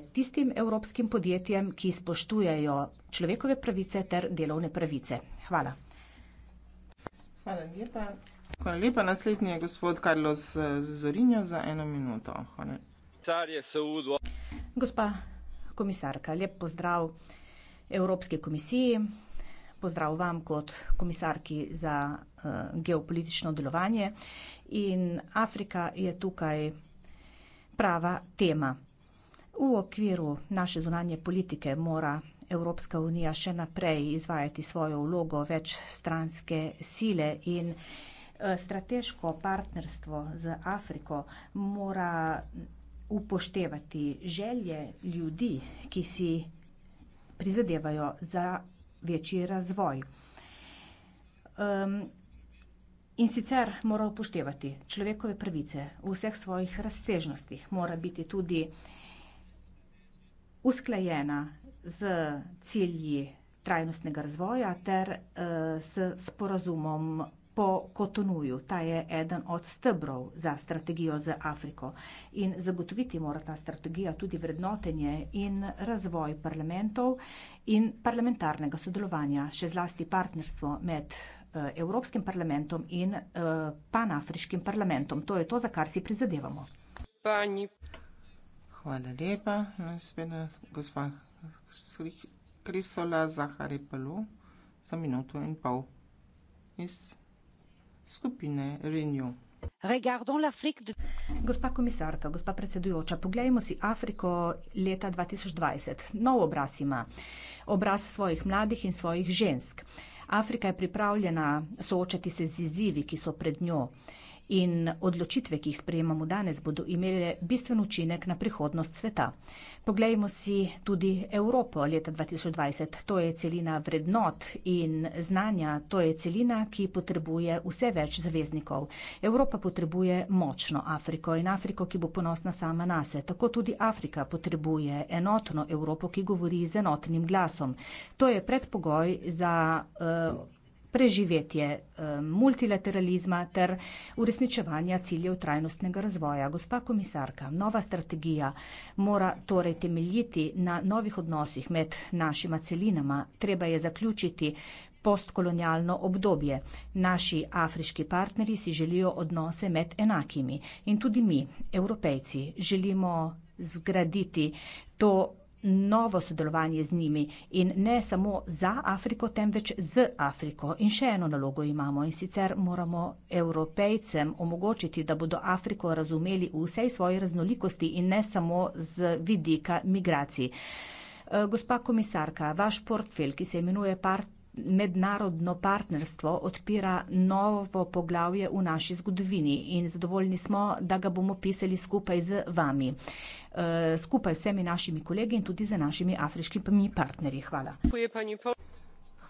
tistim evropskim podjetjem, ki spoštujejo človekove pravice ter delovne pravice. Hvala. Hvala lepa. Hvala lepa. Naslednji je gospod Carlos eh, Zorinjo za eno minuto. Hvala. Gospa komisarka, lep pozdrav Evropske komisiji, pozdrav vam kot komisarki za uh, geopolitično delovanje in Afrika je tukaj prava tema. V okviru naše zunanje politike mora Evropska unija še naprej izvajati svojo vlogo večstranske sile in eh, strateško partnerstvo z Afriko mora upoštevati želje ljudi, ki si prizadevajo za večji razvoj. Um, in sicer mora upoštevati človekove pravice v vseh svojih raztežnostih, mora biti tudi uh, usklajena z cilji trajnostnega razvoja ter eh, s sporazumom po Kotonuju. Ta je eden od stebrov za strategijo z Afriko. In zagotoviti mora ta strategija tudi vrednotenje in razvoj parlamentov in parlamentarnega sodelovanja, še zlasti partnerstvo med eh, Evropskim parlamentom in eh, panafriškim parlamentom. To je to, za kar si prizadevamo. Pani. Hvala lepa. Naslednja no, eh, gospa Krisola Zahari Palu za minuto in pol iz skupine Renew. Gospa komisarka, gospa predsedujoča, poglejmo si Afriko leta 2020. Nov obraz ima. Obraz svojih mladih in svojih žensk. Afrika je pripravljena soočati se z izzivi, ki so pred njo in odločitve, ki jih sprejemamo danes, bodo imele bistven učinek na prihodnost sveta. Poglejmo si tudi Evropo leta 2020. To je celina vrednot in znanja, to je celina, ki potrebuje vse več zaveznikov. Evropa potrebuje močno Afriko in Afriko, ki bo ponosna sama na se. Tako tudi Afrika potrebuje enotno Evropo, ki govori z enotnim glasom. To je predpogoj za. Uh, preživetje eh, multilateralizma ter uresničevanja ciljev trajnostnega razvoja. Gospa komisarka, nova strategija mora torej temeljiti na novih odnosih med našima celinama. Treba je zaključiti postkolonialno obdobje. Naši afriški partnerji si želijo odnose med enakimi in tudi mi, evropejci, želimo zgraditi to novo sodelovanje z njimi in ne samo za Afriko, temveč z Afriko. In še eno nalogo imamo in sicer moramo evropejcem omogočiti, da bodo Afriko razumeli v vsej svoji raznolikosti in ne samo z vidika migracij. Eh, gospa komisarka, vaš portfelj, ki se imenuje Part mednarodno partnerstvo odpira novo poglavje v naši zgodovini in zadovoljni smo, da ga bomo pisali skupaj z vami, eh, skupaj z vsemi našimi kolegi in tudi z našimi afriškimi partnerji. Hvala.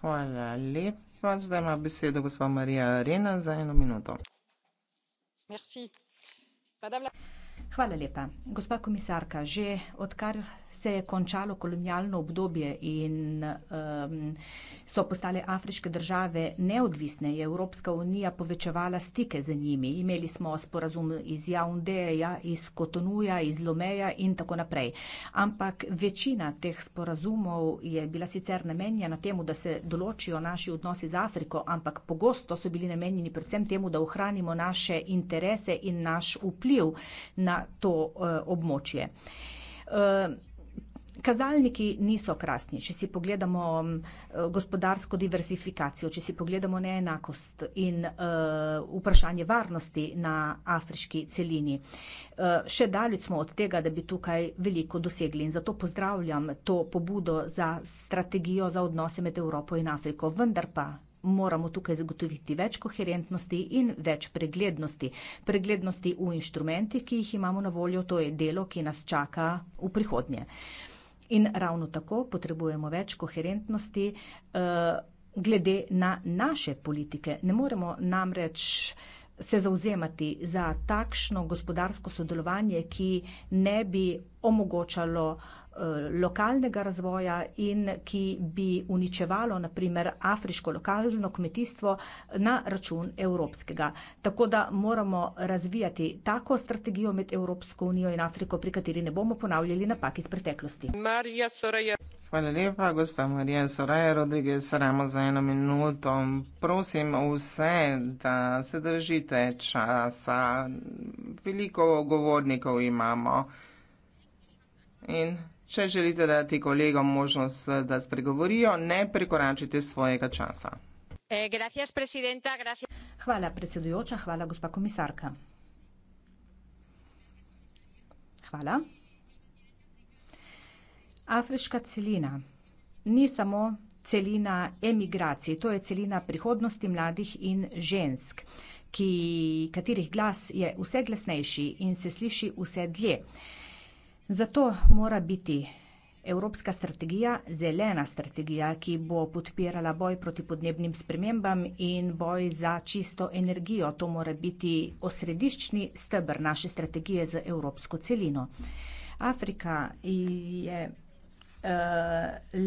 Hvala lepa. Zdaj ima besedo gospa Marija Arena za eno minuto. Hvala lepa. Gospa komisarka, že odkar se je končalo kolonialno obdobje in um, so postale afriške države neodvisne, je Evropska unija povečevala stike z njimi. Imeli smo sporazum iz Jaundeja, iz Kotonuja, iz Lomeja in tako naprej. Ampak večina teh sporazumov je bila sicer namenjena temu, da se določijo naši odnosi z Afriko, ampak pogosto so bili namenjeni predvsem temu, da ohranimo naše interese in naš vpliv na to uh, območje. Uh, Kazalniki niso krasni, če si pogledamo mm, eh, gospodarsko diversifikacijo, če si pogledamo neenakost in uh, vprašanje varnosti na afriški celini. Uh, še daleč smo od tega, da bi tukaj veliko dosegli in zato pozdravljam to pobudo za strategijo za odnose med Evropo in Afriko. Vendar pa moramo tukaj zagotoviti več koherentnosti in več preglednosti. Preglednosti v inštrumentih, ki jih imamo na voljo, to je delo, ki nas čaka v prihodnje. In ravno tako potrebujemo več koherentnosti uh, glede na naše politike. Ne moremo namreč se zauzemati za takšno gospodarsko sodelovanje, ki ne bi omogočalo uh, Eh, lokalnega razvoja in ki bi uničevalo naprimer afriško lokalno kmetijstvo na račun evropskega. Tako da moramo razvijati tako strategijo med Evropsko unijo in Afriko, pri kateri ne bomo ponavljali napak iz preteklosti. Hvala lepa, gospa Marija Soraja Rodriguez, ramo za eno minuto. Prosim vse, da se držite časa. Veliko govornikov imamo. In Če želite dati kolegom možnost, da spregovorijo, ne prekoračite svojega časa. Eh, hvala, predsedujoča, hvala, gospa komisarka. Hvala. Afriška celina ni samo celina emigracije, to je celina prihodnosti mladih in žensk, ki, katerih glas je vse glasnejši in se sliši vse dlje. Zato mora biti evropska strategija zelena strategija, ki bo podpirala boj proti podnebnim spremembam in boj za čisto energijo. To mora biti osrediščni stebr naše strategije za evropsko celino. Afrika je uh,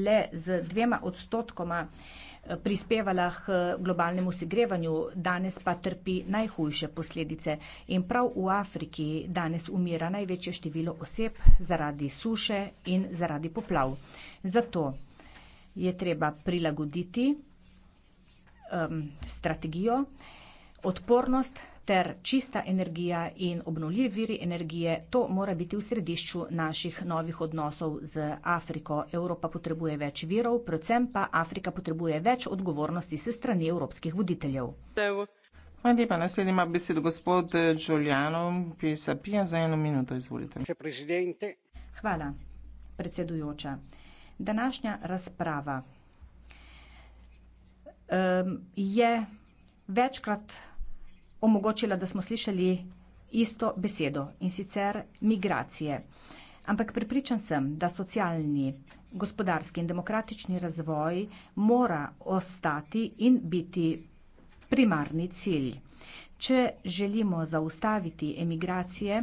le z dvema odstotkoma uh, prispevala k eh, globalnemu segrevanju, danes pa trpi najhujše posledice. In prav v Afriki danes umira največje število oseb zaradi suše in zaradi poplav. Zato je treba prilagoditi um, strategijo, odpornost, ter čista energija in obnovljivi viri energije, to mora biti v središču naših novih odnosov z Afriko. Evropa potrebuje več virov, predvsem pa Afrika potrebuje več odgovornosti se strani evropskih voditeljev. Hvala lepa. Naslednji ima besedo gospod Giuliano Pisapija. Za eno minuto izvolite. Hvala, predsedujoča. Današnja razprava um, je večkrat omogočila, da smo slišali isto besedo in sicer migracije. Ampak pripričan sem, da socialni, gospodarski in demokratični razvoj mora ostati in biti primarni cilj. Če želimo zaustaviti emigracije,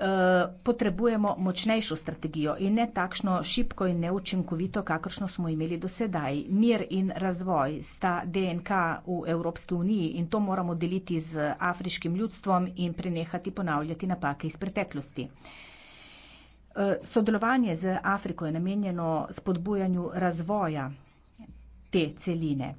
Eh, potrebujemo močnejšo strategijo in ne takšno šibko in neučinkovito, kakršno smo imeli do sedaj. Mir in razvoj sta DNK v Evropski uniji in to moramo deliti z afriškim ljudstvom in prenehati ponavljati napake iz preteklosti. Eh, sodelovanje z Afriko je namenjeno spodbujanju razvoja te celine.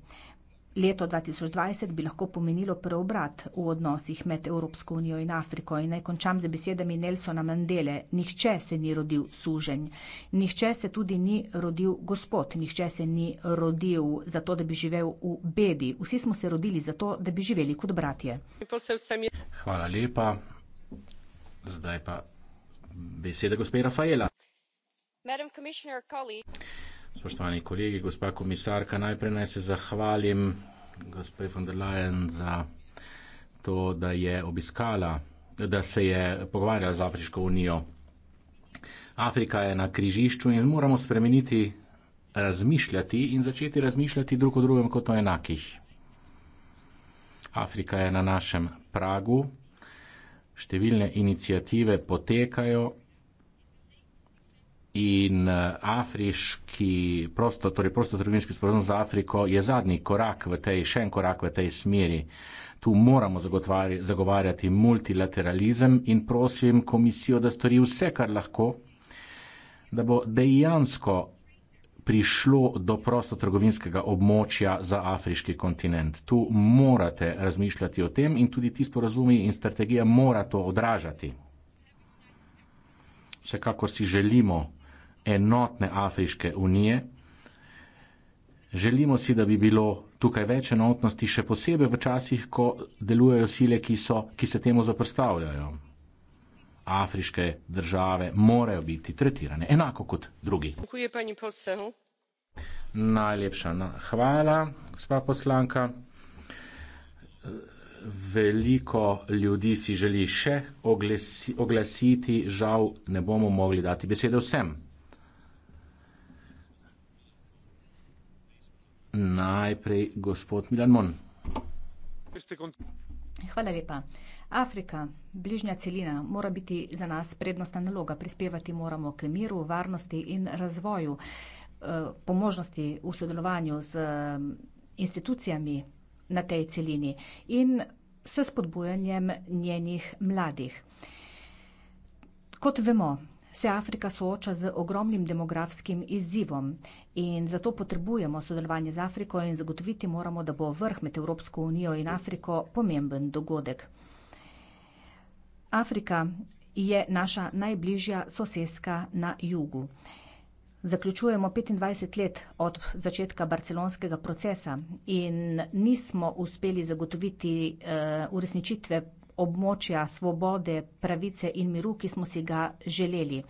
Leto 2020 bi lahko pomenilo preobrat v odnosih med Evropsko unijo in Afriko in naj končam z besedami Nelsona Mandele. Nihče se ni rodil suženj, nihče se tudi ni rodil gospod, nihče se ni rodil zato, da bi živel v bedi. Vsi smo se rodili zato, da bi živeli kot bratje. Hvala lepa. Zdaj pa beseda gospe Rafaela. Madam, Spoštovani kolegi, gospa komisarka, najprej naj se zahvalim gospe von der Leyen za to, da je obiskala, da se je pogovarjala z Afriško unijo. Afrika je na križišču in moramo spremeniti razmišljati in začeti razmišljati drug o drugem kot o enakih. Afrika je na našem pragu, številne inicijative potekajo in eh, afriški prostor, torej prostotrgovinski sporozum z Afriko je zadnji korak v tej, še en korak v tej smeri. Tu moramo zagovarjati multilateralizem in prosim komisijo, da stori vse, kar lahko, da bo dejansko prišlo do prostotrgovinskega območja za afriški kontinent. Tu morate razmišljati o tem in tudi ti sporozumi in strategija mora to odražati. Vsekakor si želimo enotne Afriške unije. Želimo si, da bi bilo tukaj več enotnosti, še posebej v časih, ko delujejo sile, ki, so, ki se temu zaprstavljajo. Afriške države morajo biti tretirane enako kot drugi. Najlepša na, hvala, gospa poslanka. Veliko ljudi si želi še oglesi, oglasiti, žal ne bomo mogli dati besede vsem. najprej gospod Milan Mon. Hvala lepa. Afrika, bližnja celina, mora biti za nas prednostna naloga. Prispevati moramo k miru, varnosti in razvoju, eh, po možnosti v sodelovanju z mm, institucijami na tej celini in s spodbujanjem njenih mladih. Kot vemo, se Afrika sooča z ogromnim demografskim izzivom in zato potrebujemo sodelovanje z Afriko in zagotoviti moramo, da bo vrh med Evropsko unijo in Afriko pomemben dogodek. Afrika je naša najbližja soseska na jugu. Zaključujemo 25 let od začetka barcelonskega procesa in nismo uspeli zagotoviti uh, uresničitve območja svobode, pravice in miru, ki smo si ga želeli.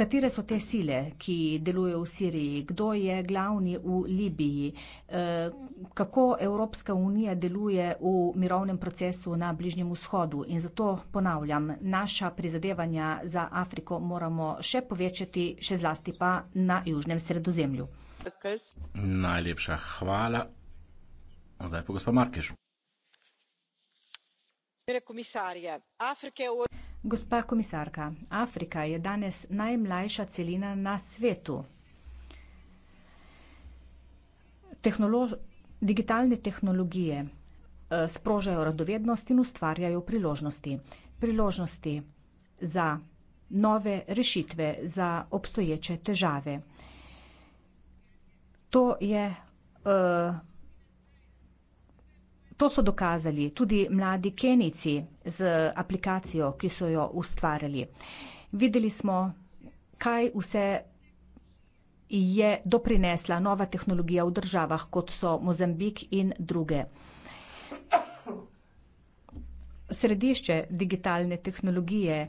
Katere so te sile, ki delujejo v Siriji? Kdo je glavni v Libiji? Eh, kako Evropska unija deluje v mirovnem procesu na Bližnjem vzhodu? In zato ponavljam, naša prizadevanja za Afriko moramo še povečati, še zlasti pa na Južnem sredozemlju. Najlepša hvala. Zdaj pa gospod Markežu. Gospa komisarka, Afrika je danes najmlajša celina na svetu. Tehnolož digitalne tehnologije eh, sprožajo radovednost in ustvarjajo priložnosti. Priložnosti za nove rešitve, za obstoječe težave. To je eh, To so dokazali tudi mladi Kenici z aplikacijo, ki so jo ustvarili. Videli smo, kaj vse je doprinesla nova tehnologija v državah, kot so Mozambik in druge. Središče digitalne tehnologije,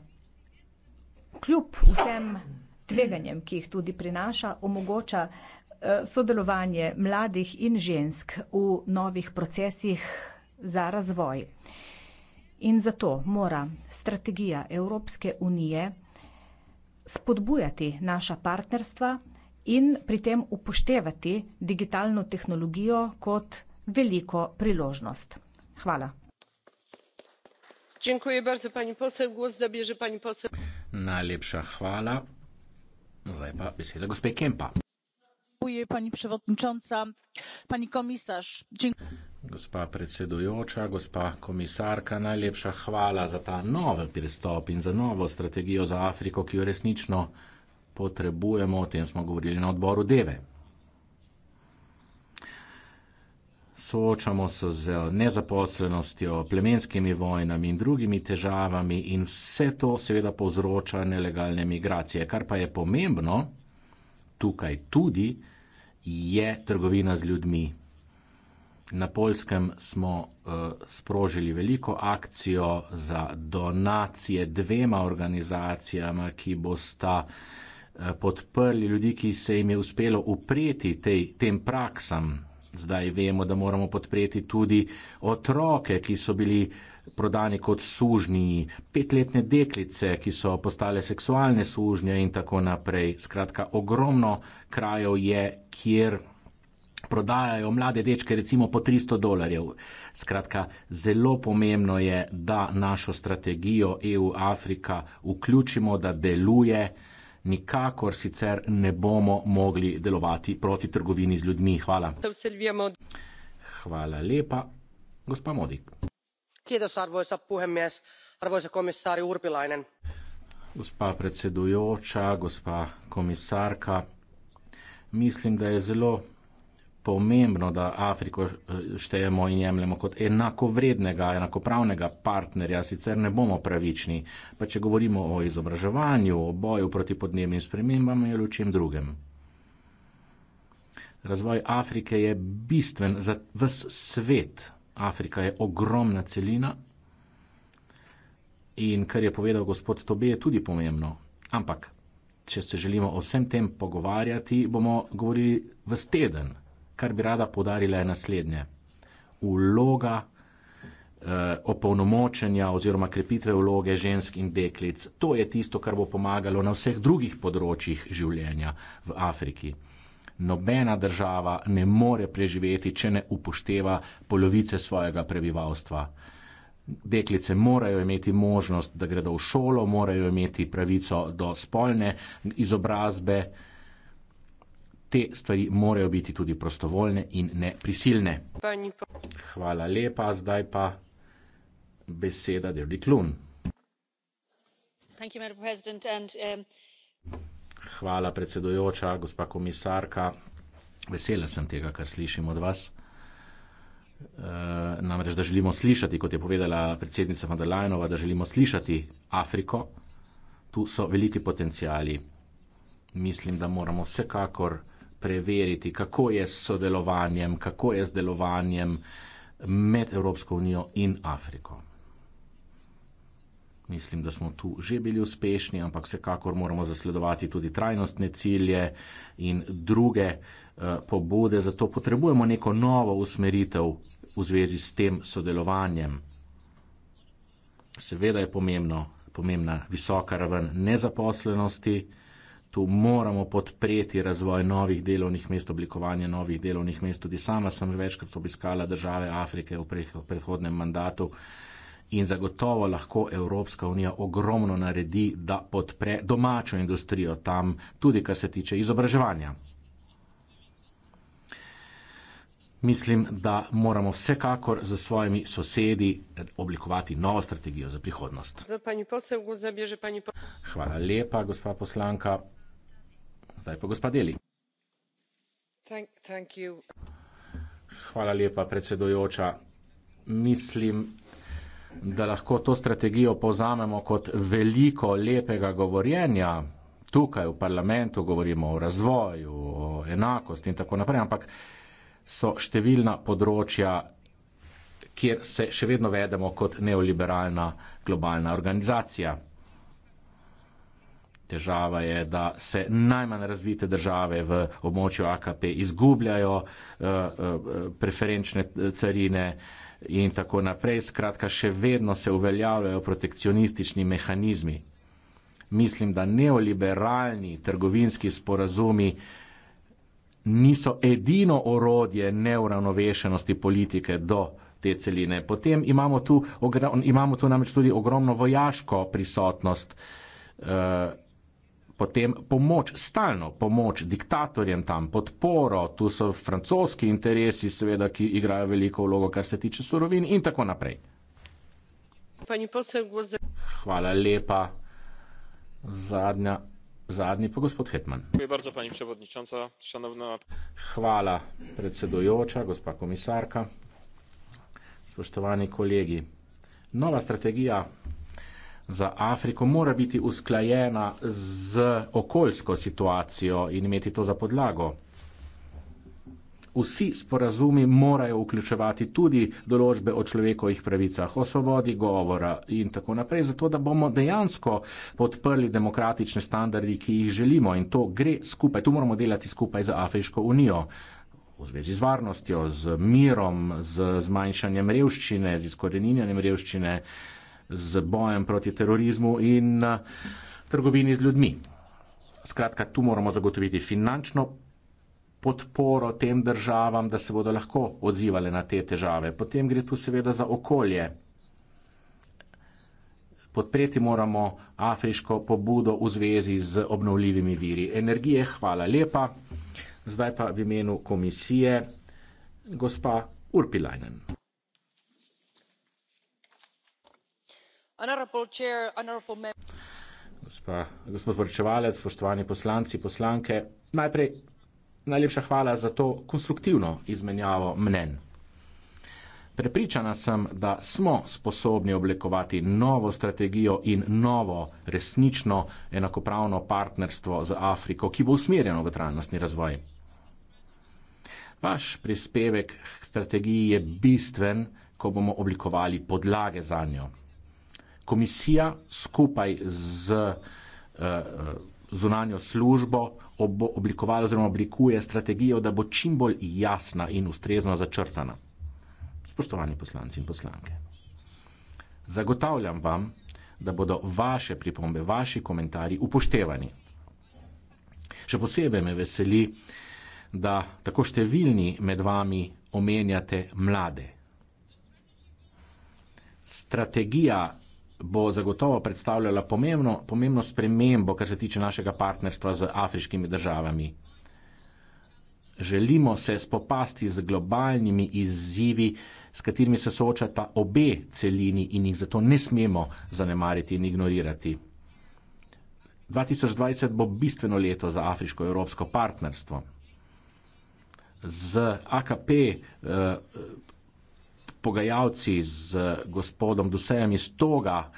kljub vsem tveganjem, ki jih tudi prinaša, omogoča Eh, sodelovanje mladih in žensk v novih procesih za razvoj. In zato mora strategija Evropske unije spodbujati naša partnerstva in pri tem upoštevati digitalno tehnologijo kot veliko priložnost. Hvala. Najlepša hvala. Zdaj pa beseda gospe Kempa gospa predsedujoča gospa komisarka najlepša hvala za ta novi pristop in za novo strategijo za afriko ki jo resnično potrebujemo o tem smo govorili na odboru deve Soočamo se z nezaposlenostjo, plemenskimi vojnami in drugimi težavami in vse to seveda povzroča nelegalne migracije. Kar pa je pomembno tukaj tudi, je trgovina z ljudmi. Na polskem smo uh, sprožili veliko akcijo za donacije dvema organizacijama, ki bosta uh, podprli ljudi, ki se jim je uspelo upreti tej, tem praksam Zdaj vemo, da moramo podpreti tudi otroke, ki so bili prodani kot sužnji, petletne deklice, ki so postale seksualne sužnje in tako naprej. Skratka, ogromno krajev je, kjer prodajajo mlade dečke recimo po 300 dolarjev. Skratka, zelo pomembno je, da našo strategijo EU-Afrika vključimo, da deluje nikakor sicer ne bomo mogli delovati proti trgovini z ljudmi. Hvala. Hvala lepa, gospa Modik. Kiitos, arvoisa puhemies, arvoisa komisari Urpilainen. Gospa predsedujoča, gospa komisarka, mislim, da je zelo pomembno, da Afriko eh, štejemo in jemljemo kot enakovrednega, enakopravnega partnerja, sicer ne bomo pravični. Pa če govorimo o izobraževanju, o boju proti podnebnim spremembam ali o čem drugem. Razvoj Afrike je bistven za vse svet. Afrika je ogromna celina in kar je povedal gospod Tobi, je tudi pomembno. Ampak, če se želimo o vsem tem pogovarjati, bomo govorili v teden kar bi rada podarila, je naslednje. Uloga eh, opolnomočenja oziroma krepitve vloge žensk in deklic, to je tisto, kar bo pomagalo na vseh drugih področjih življenja v Afriki. Nobena država ne more preživeti, če ne upošteva polovice svojega prebivalstva. Deklice morajo imeti možnost, da gredo v šolo, morajo imeti pravico do spolne izobrazbe, eh, te stvari morajo biti tudi prostovoljne in ne prisilne. Hvala lepa, zdaj pa beseda Dirdi Klun. Um, Hvala predsedujoča, gospa komisarka. Vesela sem tega, kar slišim od vas. E, namreč, da želimo slišati, kot je povedala predsednica Madalajnova, da želimo slišati Afriko, tu so veliki potencijali. Mislim, da moramo vsekakor preveriti, kako je s sodelovanjem, kako je z delovanjem med Evropsko unijo in Afriko. Mislim, da smo tu že bili uspešni, ampak vsekakor moramo zasledovati tudi trajnostne cilje in druge eh, pobude. Zato potrebujemo neko novo usmeritev v zvezi s tem sodelovanjem. Seveda je pomembno, pomembna visoka raven nezaposlenosti tu moramo podpreti razvoj novih delovnih mest, oblikovanje novih delovnih mest. Tudi sama sem večkrat obiskala države Afrike v prehodnem mandatu in zagotovo lahko Evropska unija ogromno naredi, da podpre domačo industrijo tam, tudi kar se tiče izobraževanja. Mislim, da moramo vsekakor z svojimi sosedi oblikovati novo strategijo za prihodnost. Hvala lepa, gospa poslanka zdaj pa gospa deli. Hvala lepa, predsedujoča. Mislim, da lahko to strategijo povzamemo kot veliko lepega govorjenja. Tukaj v parlamentu govorimo o razvoju, o enakosti in tako naprej, ampak so številna področja, kjer se še vedno vedemo kot neoliberalna globalna organizacija. Težava je, da se najmanj razvite države v območju AKP izgubljajo eh, eh, preferenčne carine in tako naprej. Skratka, še vedno se uveljavljajo protekcionistični mehanizmi. Mislim, da neoliberalni trgovinski sporazumi niso edino orodje neuravnovešenosti politike do te celine. Potem imamo tu, imamo tu namreč tudi ogromno vojaško prisotnost. Uh, potem pomoč, stalno pomoč diktatorjem tam, podporo, tu so francoski interesi, seveda, ki igrajo veliko vlogo, kar se tiče surovin in tako naprej. Hvala lepa. Zadnja, zadnji pa gospod Hetman. Hvala predsedujoča, gospa komisarka. Spoštovani kolegi, nova strategija za Afriko mora biti usklajena z okoljsko situacijo in imeti to za podlago. Vsi sporazumi morajo vključevati tudi določbe o človekovih pravicah, o svobodi govora in tako naprej, zato da bomo dejansko podprli demokratične standardi, ki jih želimo in to gre skupaj, tu moramo delati skupaj z Afriško unijo v zvezi z varnostjo, z mirom, z zmanjšanjem revščine, z izkoreninjanjem revščine. Uh, z bojem proti terorizmu in eh, trgovini z ljudmi. Skratka, tu moramo zagotoviti finančno podporo tem državam, da se bodo lahko odzivali na te težave. Potem gre tu seveda za okolje. Podpreti moramo afriško pobudo v zvezi z obnovljivimi viri energije. Hvala lepa. Zdaj pa v imenu komisije gospa Urpilajnen. gospod poročevalec, spoštovani poslanci, poslanke, najprej najlepša hvala za to konstruktivno izmenjavo mnen. Prepričana sem, da smo sposobni oblikovati novo strategijo in novo resnično enakopravno partnerstvo z Afriko, ki bo usmerjeno v trajnostni razvoj. Vaš prispevek k strategiji je bistven, ko bomo oblikovali podlage za njo komisija skupaj z eh, eh, zunanjo službo oblikovala oziroma oblikuje strategijo, da bo čim bolj jasna in ustrezno začrtana. Spoštovani poslanci in poslanke, zagotavljam vam, da bodo vaše pripombe, vaši komentarji upoštevani. Še posebej me veseli, da tako številni med vami omenjate mlade. Strategija bo zagotovo predstavljala pomembno, pomembno spremembo, kar se tiče našega partnerstva z afriškimi državami. Želimo se spopasti z globalnimi izzivi, s katerimi se soočata obe celini in jih zato ne smemo zanemariti in ignorirati. 2020 bo bistveno leto za afriško-evropsko partnerstvo. Z AKP eh, pogajalci z gospodom Dusejem iz Toga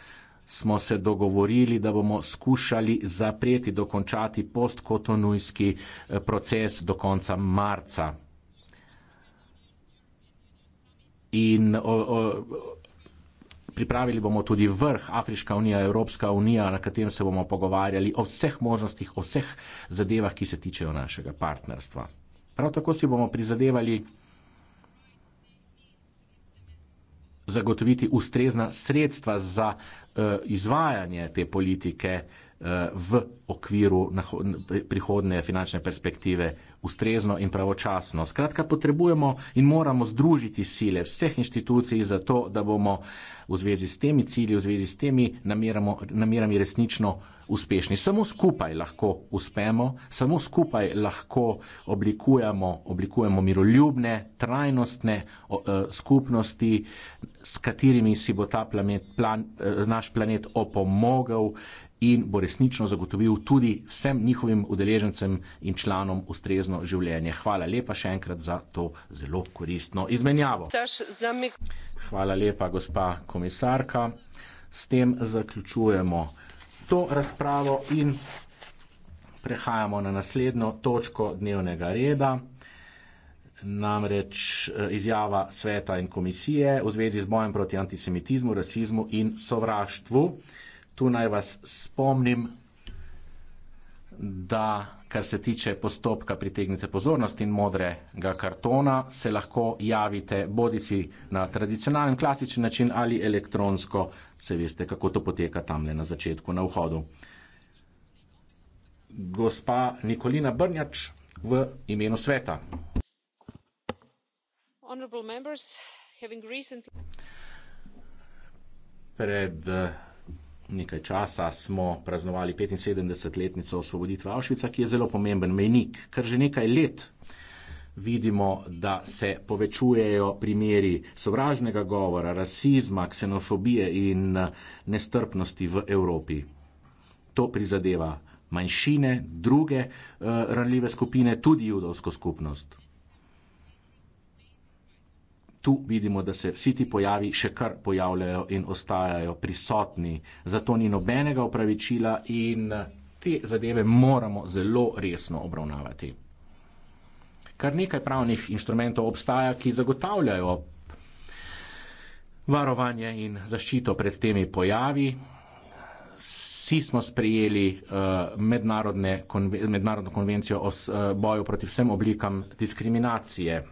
smo se dogovorili, da bomo skušali zapreti, dokončati postkotonujski eh, proces do konca marca. In o, o, pripravili bomo tudi vrh Afriška unija, Evropska unija, na katerem se bomo pogovarjali o vseh možnostih, o vseh zadevah, ki se tičejo našega partnerstva. Prav tako si bomo prizadevali zagotoviti ustrezna sredstva za uh, izvajanje te politike uh, Eh, v okviru prihodne finančne perspektive ustrezno in pravočasno. Skratka, potrebujemo in moramo združiti sile vseh inštitucij za to, da bomo v zvezi s temi cilji, v zvezi s temi namiramo, namirami resnično uspešni. Samo skupaj lahko uspemo, samo skupaj lahko oblikujemo, oblikujemo miroljubne, trajnostne eh, skupnosti, s katerimi si bo ta planet, plan, eh, naš planet opomogel in bo resnično zagotovil tudi vsem njihovim udeležencem in članom ustrezno življenje. Hvala lepa še enkrat za to zelo koristno izmenjavo. Hvala lepa, gospa komisarka. S tem zaključujemo to razpravo in prehajamo na naslednjo točko dnevnega reda. Namreč eh, izjava sveta in komisije v zvezi z bojem proti antisemitizmu, rasizmu in sovraštvu. Tu naj vas spomnim, da kar se tiče postopka pritegnite pozornost in modrega kartona, se lahko javite bodi si na tradicionalen klasičen način ali elektronsko, se veste, kako to poteka tamle na začetku, na vhodu. Gospa Nikolina Brnjač v imenu sveta. Pred nekaj časa smo praznovali 75-letnico osvoboditve Avšvica, ki je zelo pomemben mejnik, ker že nekaj let vidimo, da se povečujejo primeri sovražnega govora, rasizma, ksenofobije in eh, nestrpnosti v Evropi. To prizadeva manjšine, druge uh, ranljive skupine, tudi judovsko skupnost. Tu vidimo, da se vsi ti pojavi še kar pojavljajo in ostajajo prisotni. Zato ni nobenega opravičila in te zadeve moramo zelo resno obravnavati. Kar nekaj pravnih inštrumentov obstaja, ki zagotavljajo varovanje in zaščito pred temi pojavi. Vsi smo sprejeli uh, konve mednarodno konvencijo o uh, boju proti vsem oblikam diskriminacije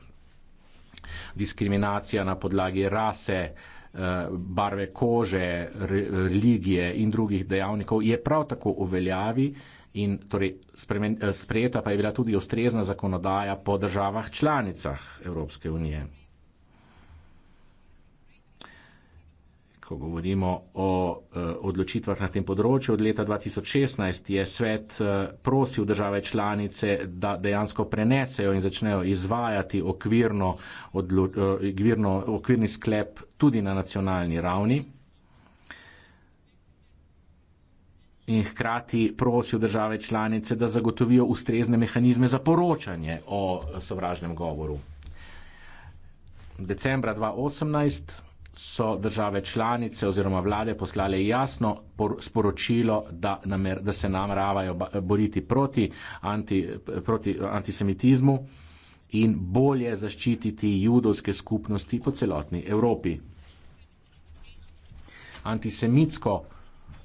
diskriminacija na podlagi rase, eh, barve kože, religije in drugih dejavnikov je prav tako uveljavi in torej spremen, eh, sprejeta pa je bila tudi ustrezna zakonodaja po državah članicah Evropske unije. ko govorimo o eh, odločitvah na tem področju. Od leta 2016 je svet eh, prosil države članice, da dejansko prenesejo in začnejo izvajati okvirno, eh, okvirno, okvirni sklep tudi na nacionalni ravni. In hkrati prosil države članice, da zagotovijo ustrezne mehanizme za poročanje o sovražnem govoru. Decembra 2018 so države članice oziroma vlade poslale jasno sporočilo, da, namer, da se nameravajo boriti proti, anti, proti antisemitizmu in bolje zaščititi judovske skupnosti po celotni Evropi. Antisemitsko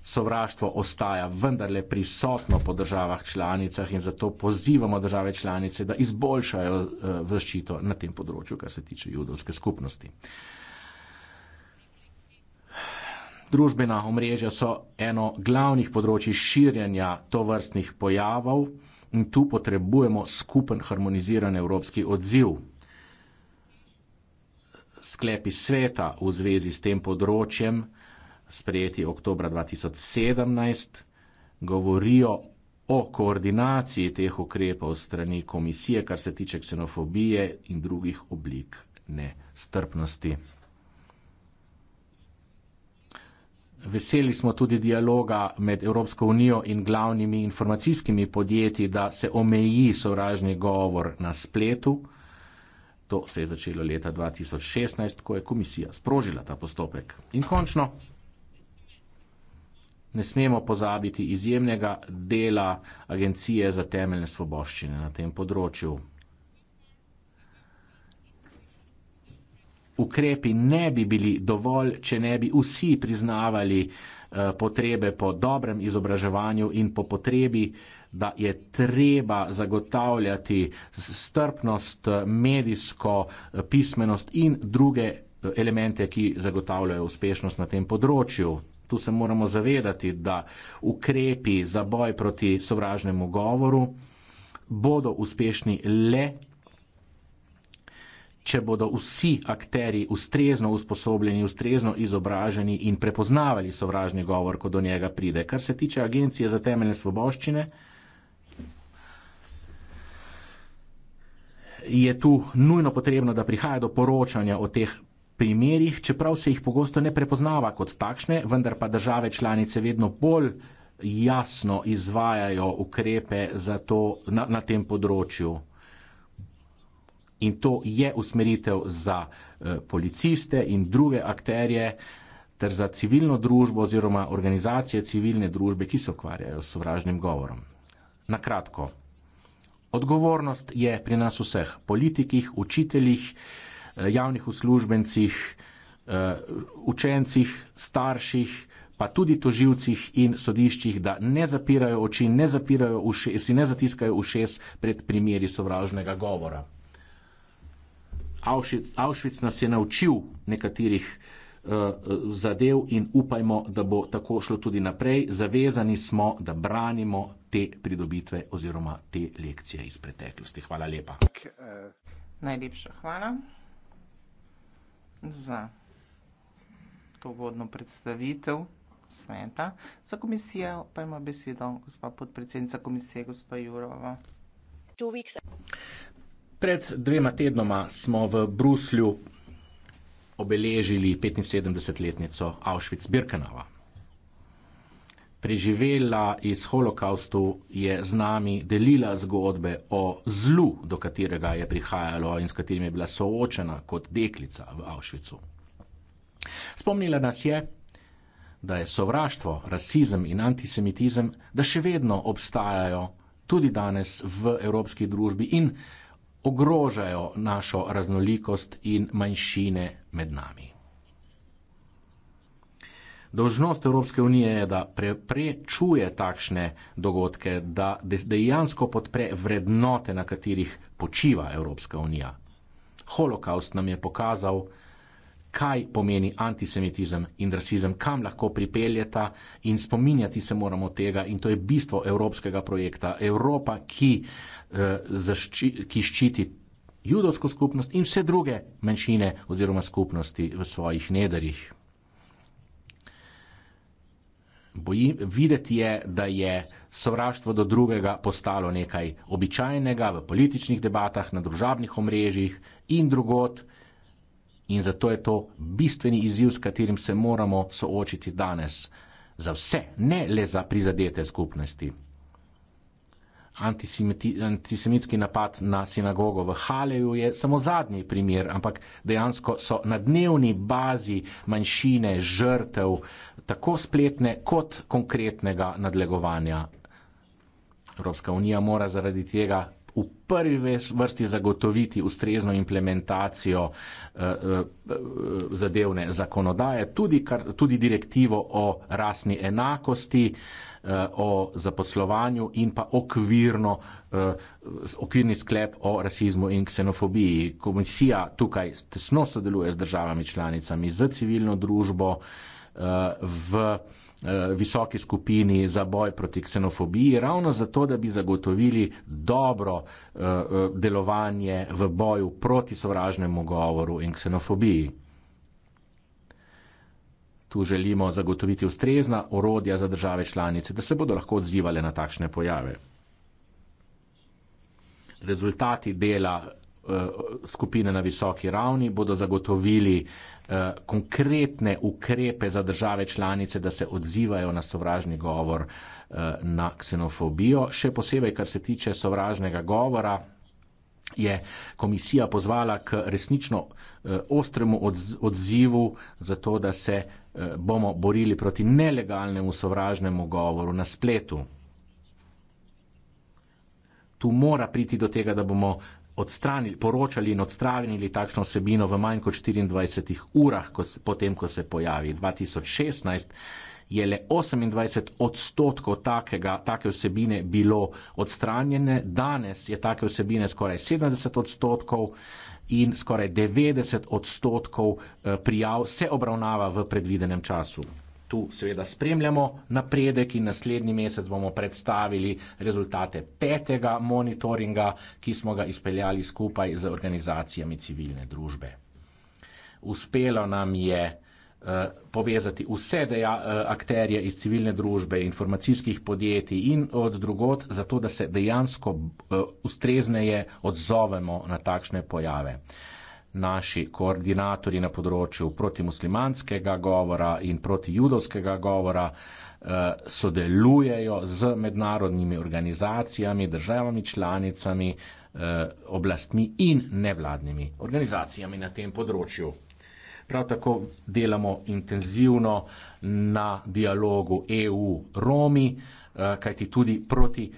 sovraštvo ostaja vendarle prisotno po državah članicah in zato pozivamo države članice, da izboljšajo eh, zaščito na tem področju, kar se tiče judovske skupnosti. Družbena omrežja so eno glavnih področji širjanja tovrstnih pojavov in tu potrebujemo skupen harmoniziran evropski odziv. Sklepi sveta v zvezi s tem področjem, sprejeti oktober 2017, govorijo o koordinaciji teh ukrepov strani komisije, kar se tiče ksenofobije in drugih oblik nestrpnosti. Veseli smo tudi dialoga med Evropsko unijo in glavnimi informacijskimi podjetji, da se omeji sovražni govor na spletu. To se je začelo leta 2016, ko je komisija sprožila ta postopek. In končno, ne smemo pozabiti izjemnega dela Agencije za temeljne svoboščine na tem področju. ukrepi ne bi bili dovolj, če ne bi vsi priznavali eh, potrebe po dobrem izobraževanju in po potrebi, da je treba zagotavljati strpnost, eh, medijsko eh, pismenost in druge elemente, ki zagotavljajo uspešnost na tem področju. Tu se moramo zavedati, da ukrepi za boj proti sovražnemu govoru bodo uspešni le, če bodo vsi akteri ustrezno usposobljeni, ustrezno izobraženi in prepoznavali sovražni govor, ko do njega pride. Kar se tiče Agencije za temeljne svoboščine, je tu nujno potrebno, da prihaja do poročanja o teh primerih, čeprav se jih pogosto ne prepoznava kot takšne, vendar pa države članice vedno bolj jasno izvajajo ukrepe za to na, na tem področju. In to je usmeritev za eh, policiste in druge akterje ter za civilno družbo oziroma organizacije civilne družbe, ki se ukvarjajo s vražnim govorom. Nakratko, odgovornost je pri nas vseh, politikih, učiteljih, eh, javnih uslužbencih, eh, učencih, starših, pa tudi toživcih in sodiščih, da ne zapirajo oči, ne zapirajo uši, si ne zatiskajo ušes pred primeri sovražnega govora. Auschwitz, Auschwitz nas je naučil nekaterih uh, zadev in upajmo, da bo tako šlo tudi naprej. Zavezani smo, da branimo te pridobitve oziroma te lekcije iz preteklosti. Hvala lepa. Najlepša hvala za to vodno predstavitev sveta. Za komisijo pa ima besedo gospa podpredsednica komisije, gospa Jurova. Pred dvema tednoma smo v Bruslju obeležili 75-letnico Auschwitz-Birkenau. Preživela iz holokaustu je z nami delila zgodbe o zlu, do katerega je prihajalo in s katerim je bila soočena kot deklica v Auschwitzu. Spomnila nas je, da je sovraštvo, rasizem in antisemitizem, da še vedno obstajajo tudi danes v evropski družbi in ogrožajo našo raznolikost in manjšine med nami. Dožnost Evropske unije je, da preprečuje takšne dogodke, da dejansko podpre vrednote, na katerih počiva Evropska unija. Holokaust nam je pokazal, da kaj pomeni antisemitizem in rasizem, kam lahko pripeljeta in spominjati se moramo tega in to je bistvo evropskega projekta. Evropa, ki, eh, zašči, ki ščiti judovsko skupnost in vse druge manjšine oziroma skupnosti v svojih nedarjih. Boji, videti je, da je sovraštvo do drugega postalo nekaj običajnega v političnih debatah, na družabnih omrežjih in drugot. In zato je to bistveni izziv, s katerim se moramo soočiti danes, za vse, ne le za prizadete skupnosti. Antisemitski napad na sinagogo v Haleju je samo zadnji primer, ampak dejansko so na dnevni bazi manjšine žrtev tako spletne kot konkretnega nadlegovanja. Evropska unija mora zaradi tega v prvi vrsti zagotoviti ustrezno implementacijo eh, eh, zadevne zakonodaje, tudi, kar, tudi direktivo o rasni enakosti, eh, o zaposlovanju in pa okvirno, okvirni sklep o rasizmu in ksenofobiji. Komisija tukaj tesno sodeluje z državami članicami, z civilno družbo v Eh, visoki skupini za boj proti ksenofobiji, ravno zato, da bi zagotovili dobro eh, eh, delovanje v boju proti sovražnemu govoru in ksenofobiji. Tu želimo zagotoviti ustrezna orodja za države članice, da se bodo lahko odzivale na takšne pojave. Rezultati dela Eh, skupine na visoki ravni, bodo zagotovili eh, konkretne ukrepe za države članice, da se odzivajo na sovražni govor, eh, na ksenofobijo. Še posebej, kar se tiče sovražnega govora, je komisija pozvala k resnično ostremu odzivu za to, da se bomo borili proti nelegalnemu sovražnemu govoru na spletu. Tu mora priti do tega, da bomo uh, odstranili, poročali in odstranili takšno vsebino v manj kot 24 urah, ko se, potem ko se pojavi. 2016 je le 28 odstotkov takega, take vsebine bilo odstranjene, danes je take vsebine skoraj 70 odstotkov in skoraj 90 odstotkov eh, prijav se obravnava v predvidenem času. Tu seveda spremljamo napredek in naslednji mesec bomo predstavili rezultate petega monitoringa, ki smo ga izpeljali skupaj z organizacijami civilne družbe. Uspelo nam je eh, povezati vse deja, eh, akterje iz civilne družbe, informacijskih podjetij in od drugot, zato da se dejansko eh, ustrezneje odzovemo na takšne pojave naši koordinatorji na področju protimuslimanskega govora in protijudovskega govora eh, sodelujejo z mednarodnimi organizacijami, državami, članicami, eh, oblastmi in nevladnimi organizacijami na tem področju. Prav tako delamo intenzivno na dialogu EU-Romi, eh, kajti tudi proti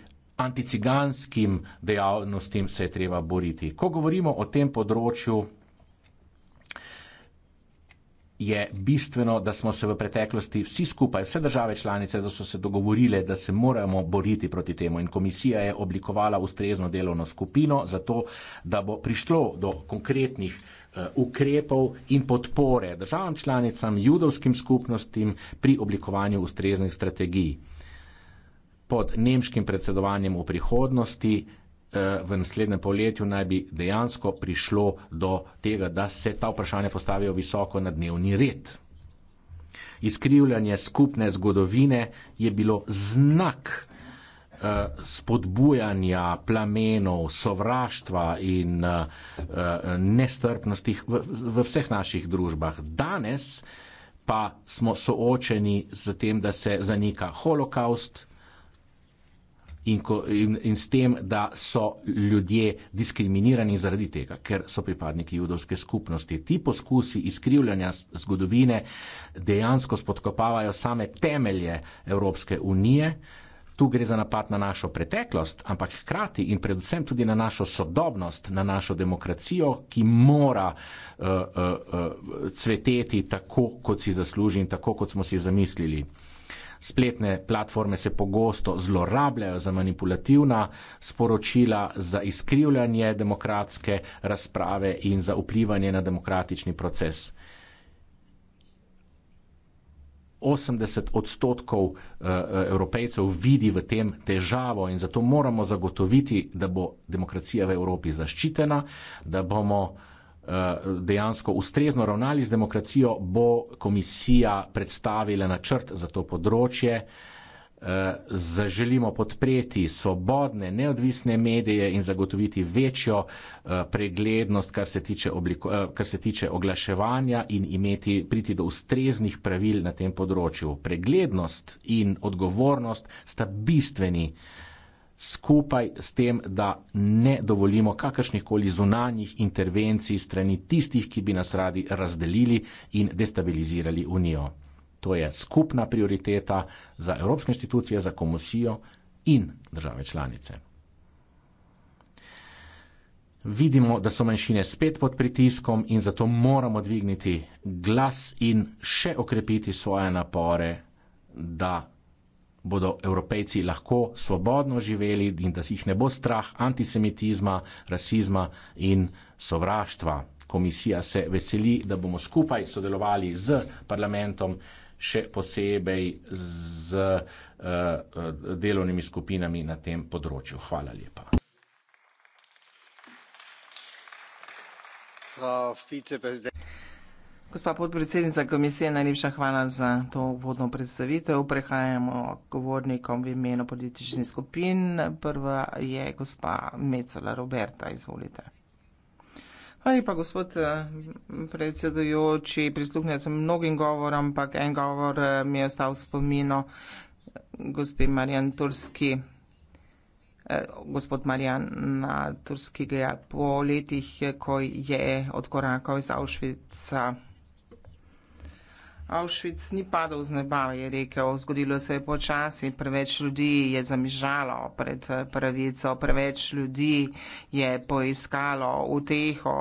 anticiganskim dejavnostim se je treba boriti. Ko govorimo o tem področju, je bistveno, da smo se v preteklosti vsi skupaj, vse države članice, da so se dogovorile, da se moramo boriti proti temu. In komisija je oblikovala ustrezno delovno skupino za to, da bo prišlo do konkretnih eh, ukrepov in podpore državam članicam, judovskim skupnostim pri oblikovanju ustreznih strategij. Pod nemškim predsedovanjem v prihodnosti Eh, v naslednjem poletju naj bi dejansko prišlo do tega, da se ta vprašanja postavijo visoko na dnevni red. Izkrivljanje skupne zgodovine je bilo znak eh, spodbujanja plamenov, sovraštva in eh, nestrpnosti v, v vseh naših družbah. Danes pa smo soočeni z tem, da se zanika holokaust, in, ko, in, in s tem, da so ljudje diskriminirani zaradi tega, ker so pripadniki judovske skupnosti. Ti poskusi izkrivljanja zgodovine dejansko spodkopavajo same temelje Evropske unije. Tu gre za napad na našo preteklost, ampak hkrati in predvsem tudi na našo sodobnost, na našo demokracijo, ki mora uh, uh, uh, cveteti tako, kot si zasluži in tako, kot smo si zamislili. Spletne platforme se pogosto zlorabljajo za manipulativna sporočila, za izkrivljanje demokratske razprave in za vplivanje na demokratični proces. 80 odstotkov eh, evropejcev vidi v tem težavo in zato moramo zagotoviti, da bo demokracija v Evropi zaščitena, da bomo Eh, dejansko ustrezno ravnali z demokracijo, bo komisija predstavila načrt za to področje. Eh, zaželimo podpreti svobodne, neodvisne medije in zagotoviti večjo eh, preglednost, kar se tiče, obliko, kar se tiče oglaševanja in imeti, priti do ustreznih pravil na tem področju. Preglednost in odgovornost sta bistveni skupaj s tem, da ne dovolimo kakršnih koli zunanjih intervencij strani tistih, ki bi nas radi razdelili in destabilizirali Unijo. To je skupna prioriteta za evropske institucije, za komisijo in države članice. Vidimo, da so manjšine spet pod pritiskom in zato moramo dvigniti glas in še okrepiti svoje napore, da bodo evropejci lahko svobodno živeli in da jih ne bo strah antisemitizma, rasizma in sovraštva. Komisija se veseli, da bomo skupaj sodelovali z parlamentom, še posebej z uh, delovnimi skupinami na tem področju. Hvala lepa. Uh, Gospa podpredsednica komisije, najlepša hvala za to vodno predstavitev. Prehajamo k govornikom v imenu političnih skupin. Prva je gospa Mecola Roberta, izvolite. Hvala lepa, gospod eh, predsedujoči. Prisluhnil sem mnogim govorom, ampak en govor eh, mi je ostal v spomino eh, gospe Marjan Turski. Gospod Marjan na Turskega po letih, ko je odkorakal iz Auschwitza Auschwitz ni padel z neba, je rekel, zgodilo se je počasi, preveč ljudi je zamižalo pred eh, pravico, preveč ljudi je poiskalo uteho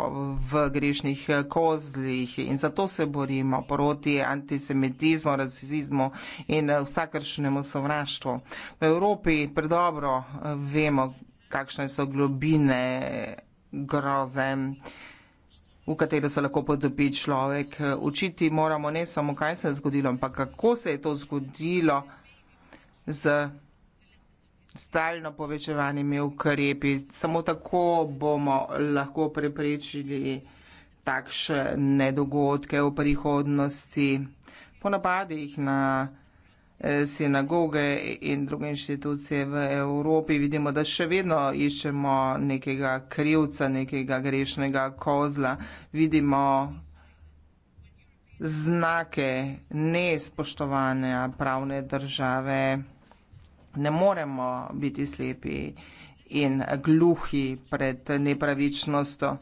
v grešnih eh, kozlih in zato se borimo proti antisemitizmu, rasizmu in eh, vsakršnemu sovraštvu. V Evropi predobro vemo, kakšne so globine grozem v katero se lahko podobi človek. Učiti moramo ne samo, kaj se je zgodilo, ampak kako se je to zgodilo z stalno povečevanimi ukrepi. Samo tako bomo lahko preprečili takšne dogodke v prihodnosti. Po napadih na Eh, sinagoge in druge inštitucije v Evropi, vidimo, da še vedno iščemo nekega krivca, nekega grešnega kozla. Vidimo znake nespoštovanja pravne države. Ne moremo biti slepi in gluhi pred nepravičnostjo.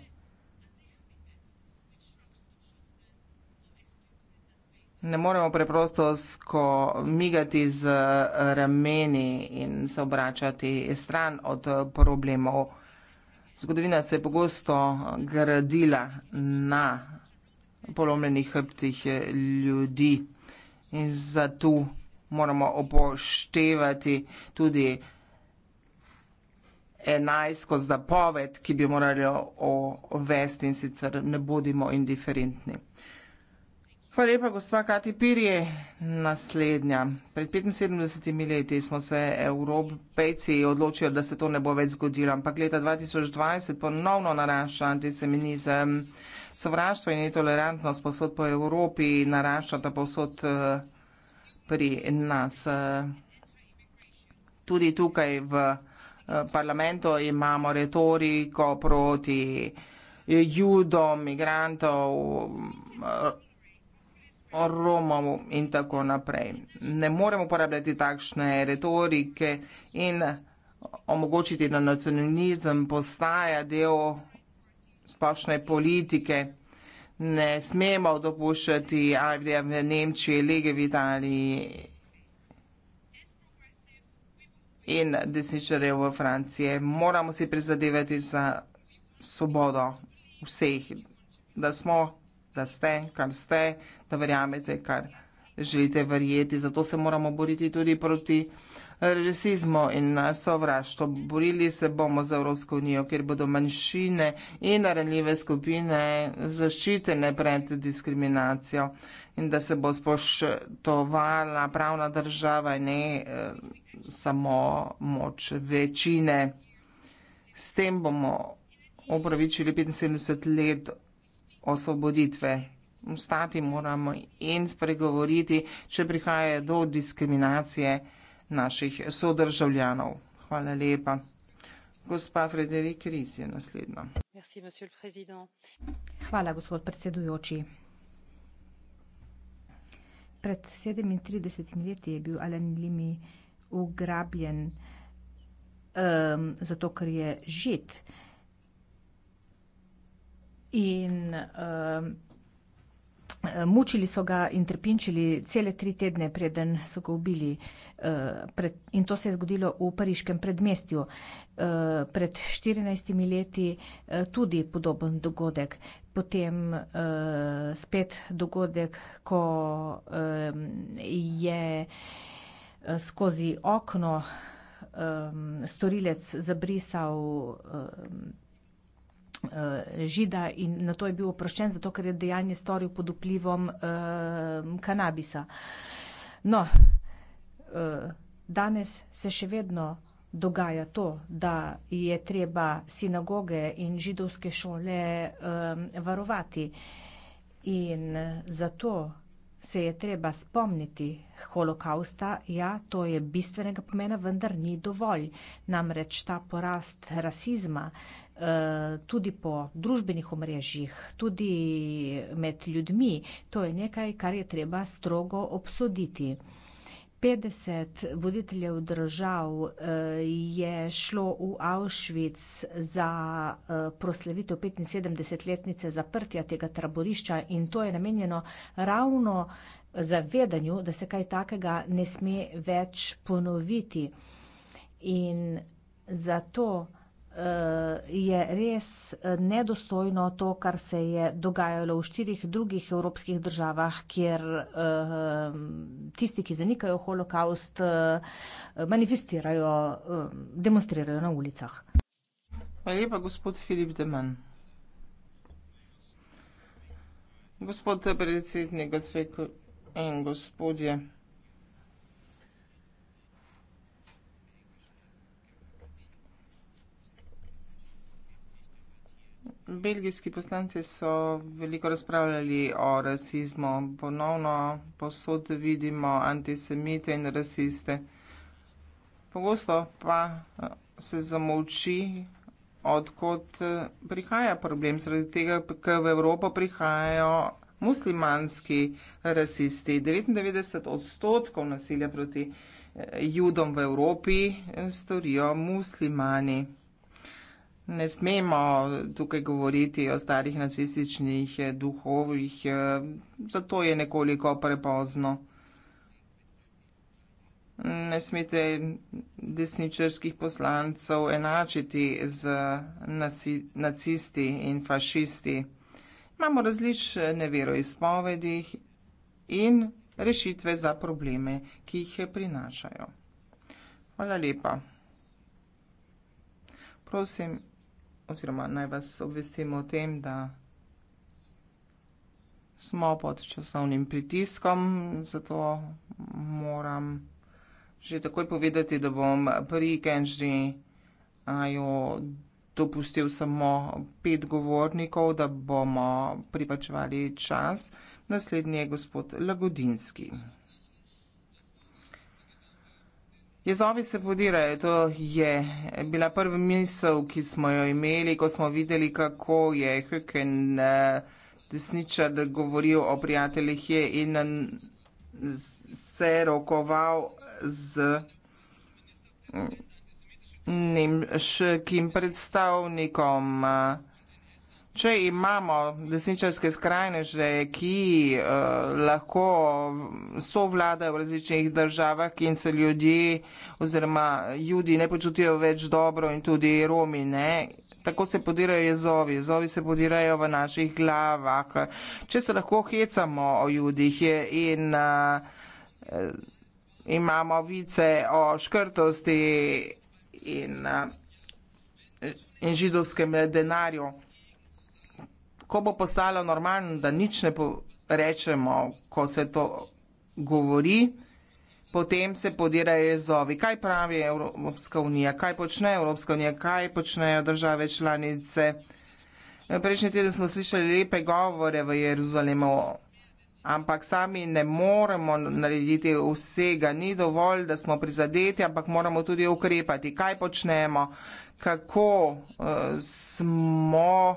Ne moremo preprosto migati z rameni in se obračati stran od problemov. Zgodovina se je pogosto gradila na polomljenih hrbtih ljudi in zato moramo opoštevati tudi enajsko zapoved, ki bi morali uvesti in sicer ne bodimo indiferentni. Hvala lepa, gospa Kati Pirje. Naslednja. Pred 75 leti smo se evropejci odločili, da se to ne bo več zgodilo, ampak leta 2020 ponovno narašča antisemitizem, sovraštvo in netolerantnost posod po Evropi narašča ta posod eh, pri nas. Tudi tukaj v eh, parlamentu imamo retoriko proti eh, judom, migrantov, Romom in tako naprej. Ne moremo uporabljati takšne retorike in omogočiti, da nacionalizem postaja del splošne politike. Ne smemo dopuščati Avdija v Nemčiji, Lige v Italiji in desničarje v Francije. Moramo si prizadevati za svobodo vseh, da smo da ste, kar ste, da verjamete, kar želite verjeti. Zato se moramo boriti tudi proti rasizmu in sovraštvu. Borili se bomo za Evropsko unijo, kjer bodo manjšine in ranljive skupine zaščitene pred diskriminacijo in da se bo spoštovala pravna država in ne eh, samo moč večine. S tem bomo upravičili 75 let osvoboditve. Vstati moramo in spregovoriti, če prihaja do diskriminacije naših sodržavljanov. Hvala lepa. Gospa Frederik Ries je naslednja. Hvala, gospod predsedujoči. Pred 37 leti je bil Alen Limi ugrabljen um, zato, ker je žit. Uh, in uh, mučili so ga in trpinčili cele tri tedne, preden so ga ubili. Uh, pred, in to se je zgodilo v pariškem predmestju. Uh, pred 14 leti uh, tudi podoben dogodek. Potem uh, spet dogodek, ko um, je uh, skozi okno um, storilec zabrisal. Um, Eh, Žida in na to je bil oproščen, zato ker je dejanje storil pod vplivom uh, kanabisa. No, uh, danes se še vedno dogaja to, da je treba sinagoge in židovske šole um, varovati in zato se je treba spomniti holokausta, ja, to je bistvenega pomena, vendar ni dovolj. Namreč ta porast rasizma, uh, Eh, tudi po družbenih omrežjih, tudi med ljudmi, to je nekaj, kar je treba strogo obsoditi. 50 voditeljev držav eh, je šlo v Auschwitz za eh, proslavitev 75-letnice zaprtja tega taborišča in to je namenjeno ravno zavedanju, da se kaj takega ne sme več ponoviti. In zato Eh, je res eh, nedostojno to, kar se je dogajalo v štirih drugih evropskih državah, kjer eh, tisti, ki zanikajo holokaust, manifestirajo, demonstrirajo na ulicah. Hvala lepa, gospod Filip Deman. Gospod predsednik, gospe in gospodje. Belgijski poslanci so veliko razpravljali o rasizmu. Ponovno posod vidimo antisemite in rasiste. Pogosto pa eh, se zamolči, odkot eh, prihaja problem. Zaradi tega, ker v Evropo prihajajo muslimanski rasisti. 99 odstotkov nasilja proti eh, judom v Evropi storijo muslimani ne smemo tukaj govoriti o starih nacističnih eh, duhovih, eh, zato je nekoliko prepozno. Ne smete desničarskih poslancev enačiti z nasi, nacisti in fašisti. Imamo različne veroizpovedi in rešitve za probleme, ki jih prinašajo. Hvala lepa. Prosim oziroma naj vas obvestimo o tem, da smo pod časovnim pritiskom, zato moram že takoj povedati, da bom pri Kenji Ajo dopustil samo pet govornikov, da bomo privačevali čas. Naslednji je gospod Lagodinski. Jezovi se podirajo. To je bila prva misel, ki smo jo imeli, ko smo videli, kako je Höken eh, desničar govoril o prijateljih je in eh, se rokoval z mm, nemškim predstavnikom. A, eh. Če imamo desničarske skrajneže, ki uh, lahko so vlade v različnih državah in se ljudje oziroma ljudi ne počutijo več dobro in tudi Romi ne, tako se podirajo jezovi, jezovi se podirajo v naših glavah. Če se lahko hecamo o ljudih in uh, imamo vice o škrtosti in, uh, in židovskem denarju ko bo postalo normalno, da nič ne rečemo, ko se to govori, potem se podirajo zovi. Kaj pravi Evropska unija, kaj počne Evropska unija, kaj počnejo države članice. Prejšnji teden smo slišali lepe govore v Jeruzalemu, ampak sami ne moremo narediti vsega. Ni dovolj, da smo prizadeti, ampak moramo tudi ukrepati. Kaj počnemo, kako uh, smo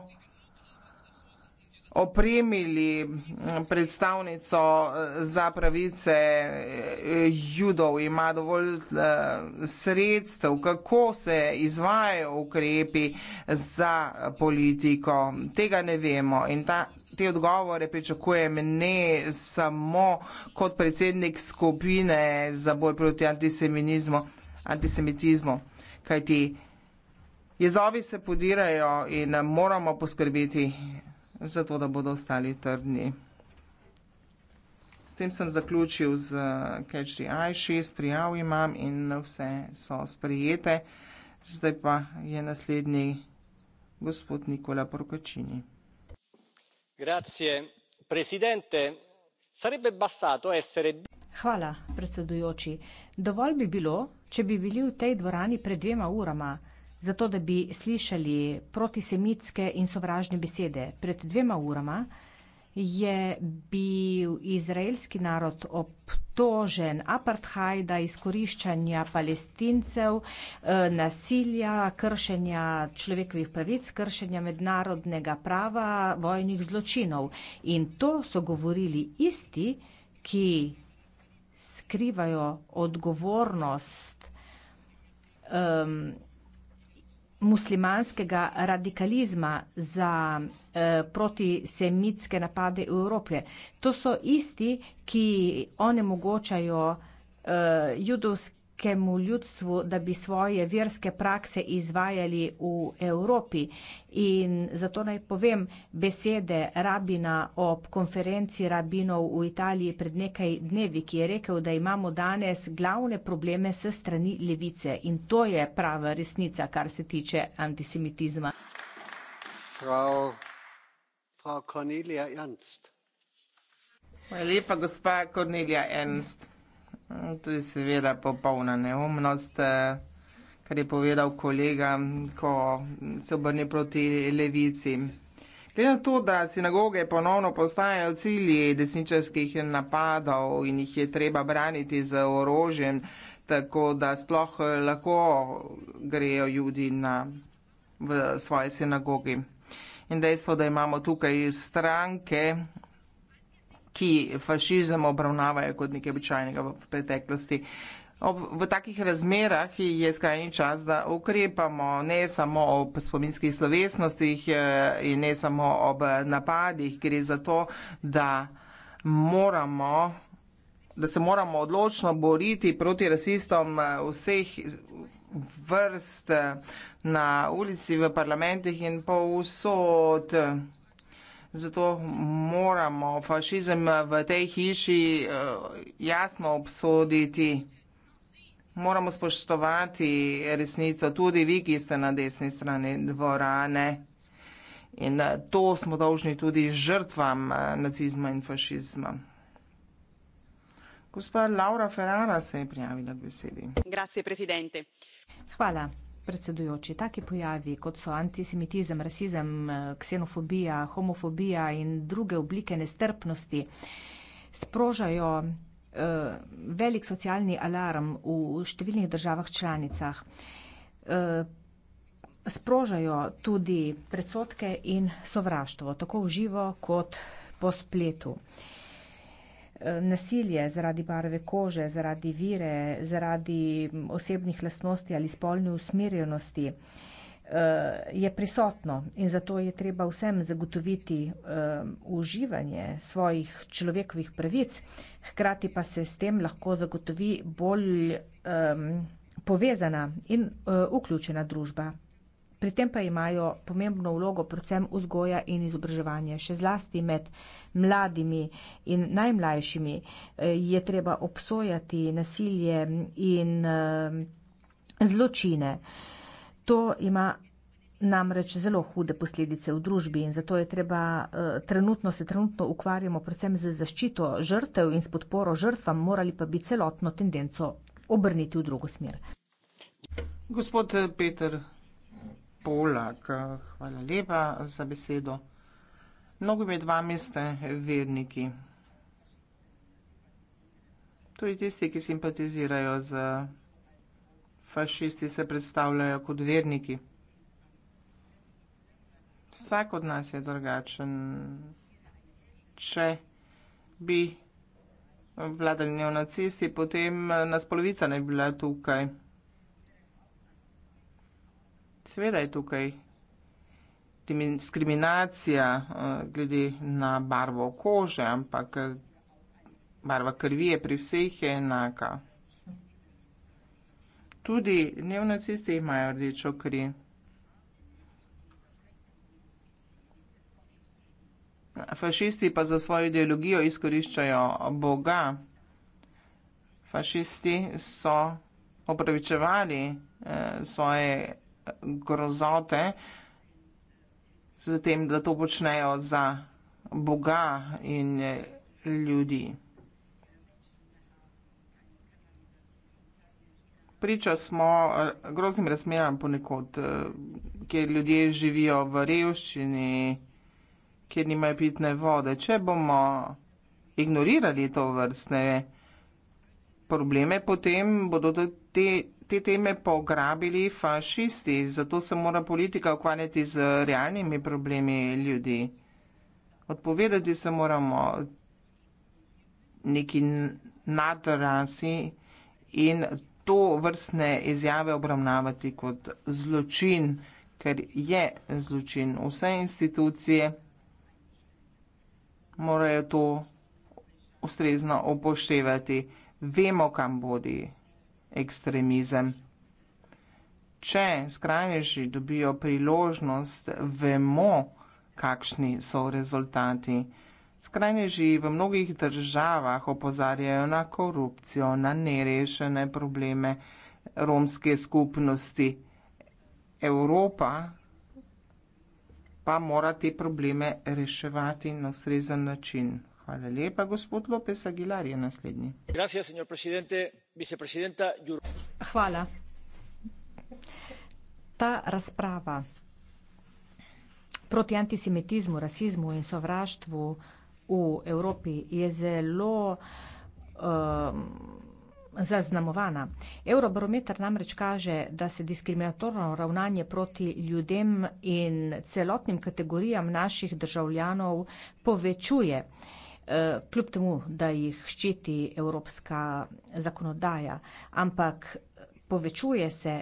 opremili mm, predstavnico eh, za pravice eh, judov, ima dovolj eh, sredstev, kako se izvajajo ukrepi za politiko. Tega ne vemo in ta, te odgovore pričakujem ne samo kot predsednik skupine za boj proti antisemitizmu, antisemitizmu kajti jezovi se podirajo in moramo poskrbeti zato da bodo ostali trdni. S tem sem zaključil z uh, CatchDI, šest prijav imam in vse so sprejete. Zdaj pa je naslednji gospod Nikola Porkočini. Hvala, predsedujoči. Dovolj bi bilo, če bi bili v tej dvorani pred dvema urama zato da bi slišali protisemitske in sovražne besede. Pred dvema urama je bil izraelski narod obtožen apartheida, izkoriščanja palestincev, eh, nasilja, kršenja človekovih pravic, kršenja mednarodnega prava, vojnih zločinov. In to so govorili isti, ki skrivajo odgovornost um, muslimanskega radikalizma za eh, protisemitske napade v Evropi. To so isti, ki onemogočajo eh, judovski katoliškemu ljudstvu, da bi svoje verske prakse izvajali v Evropi. In zato naj povem besede rabina ob konferenci rabinov v Italiji pred nekaj dnevi, ki je rekel, da imamo danes glavne probleme s strani levice. In to je prava resnica, kar se tiče antisemitizma. Frau, Frau Cornelia Ernst. Hvala lepa, gospa Cornelia Ernst. To je seveda popolna neumnost, eh, kar je povedal kolega, ko se obrne proti levici. Glede na to, da sinagoge ponovno postajajo cilji desničarskih napadov in jih je treba braniti z orožjem, tako da sploh eh, lahko grejo ljudi na, v svoje sinagogi. In dejstvo, da imamo tukaj stranke, ki fašizem obravnavajo kot nekaj običajnega v preteklosti. Ob, v takih razmerah je skrajni čas, da ukrepamo ne samo ob spominskih slovesnostih eh, in ne samo ob napadih, gre za to, da moramo da se moramo odločno boriti proti rasistom eh, vseh vrst eh, na ulici, v parlamentih in povsod. Zato moramo fašizem v tej hiši eh, jasno obsoditi. Moramo spoštovati resnico, tudi vi, ki ste na desni strani dvorane. In eh, to smo dolžni tudi žrtvam eh, nacizma in fašizma. Gospa Laura Ferrara se je prijavila k besedi. Hvala predsedujoči, taki pojavi, kot so antisemitizem, rasizem, eh, ksenofobija, homofobija in druge oblike nestrpnosti, sprožajo eh, velik socialni alarm v številnih državah članicah. Eh, sprožajo tudi predsotke in sovraštvo, tako v živo kot po spletu. Eh, nasilje zaradi barve kože, zaradi vire, zaradi osebnih lastnosti ali spolne usmerjenosti eh, je prisotno in zato je treba vsem zagotoviti eh, uživanje svojih človekovih pravic, hkrati pa se s tem lahko zagotovi bolj eh, povezana in vključena družba. Pri tem pa imajo pomembno vlogo predvsem vzgoja in izobraževanje. Še zlasti med mladimi in najmlajšimi eh, je treba obsojati nasilje in eh, zločine. To ima namreč zelo hude posledice v družbi in zato je treba, eh, trenutno se trenutno ukvarjamo predvsem z zaščito žrtev in s podporo žrtvam, morali pa bi celotno tendenco obrniti v drugo smer. Gospod Peter Polak, hvala lepa za besedo. Mnogo med vami ste verniki. Tudi tisti, ki simpatizirajo z fašisti, se predstavljajo kot verniki. Vsak od nas je drugačen. Če bi vladali neonacisti, potem nas polovica ne bi bila tukaj. Sveda je tukaj diskriminacija eh, glede na barvo kože, ampak eh, barva krvi je pri vseh je enaka. Tudi neonacisti imajo rdečo kri. Fašisti pa za svojo ideologijo izkoriščajo Boga. Fašisti so opravičevali eh, svoje grozote, zatem, da to počnejo za Boga in eh, ljudi. Priča smo eh, groznim razmeram ponekod, eh, kjer ljudje živijo v revščini, kjer nimajo pitne vode. Če bomo ignorirali to vrstne probleme, potem bodo te te teme pograbili fašisti, zato se mora politika ukvarjati z realnimi problemi ljudi. Odpovedati se moramo neki nadrasi in to vrstne izjave obravnavati kot zločin, ker je zločin. Vse institucije morajo to ustrezno upoštevati. Vemo, kam bodi ekstremizem. Če skrajneži dobijo priložnost, vemo, kakšni so rezultati. Skrajneži v mnogih državah opozarjajo na korupcijo, na nerešene probleme romske skupnosti. Evropa pa mora te probleme reševati na ustrezen način. Hvala lepa, gospod Lopes Aguilar je naslednji. Gracias, vicepresidenta hvala. Ta razprava proti antisemitizmu, rasizmu in sovraštvu v Evropi je zelo um, zaznamovana. Eurobarometer namreč kaže, da se diskriminatorno ravnanje proti ljudem in celotnim kategorijam naših državljanov povečuje. Eh, kljub temu, da jih ščiti evropska zakonodaja, ampak povečuje se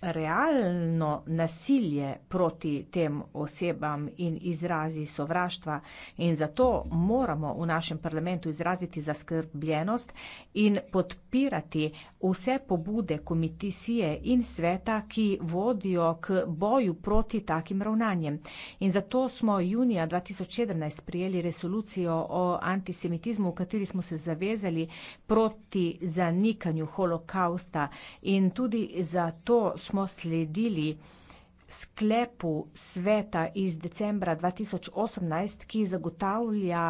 realno nasilje proti tem osebam in izrazi sovraštva in zato moramo v našem parlamentu izraziti zaskrbljenost in podpirati vse pobude komitisije in sveta, ki vodijo k boju proti takim ravnanjem. In zato smo junija 2014 prijeli resolucijo o antisemitizmu, v kateri smo se zavezali proti zanikanju holokausta in tudi zato smo sledili sklepu sveta iz decembra 2018, ki zagotavlja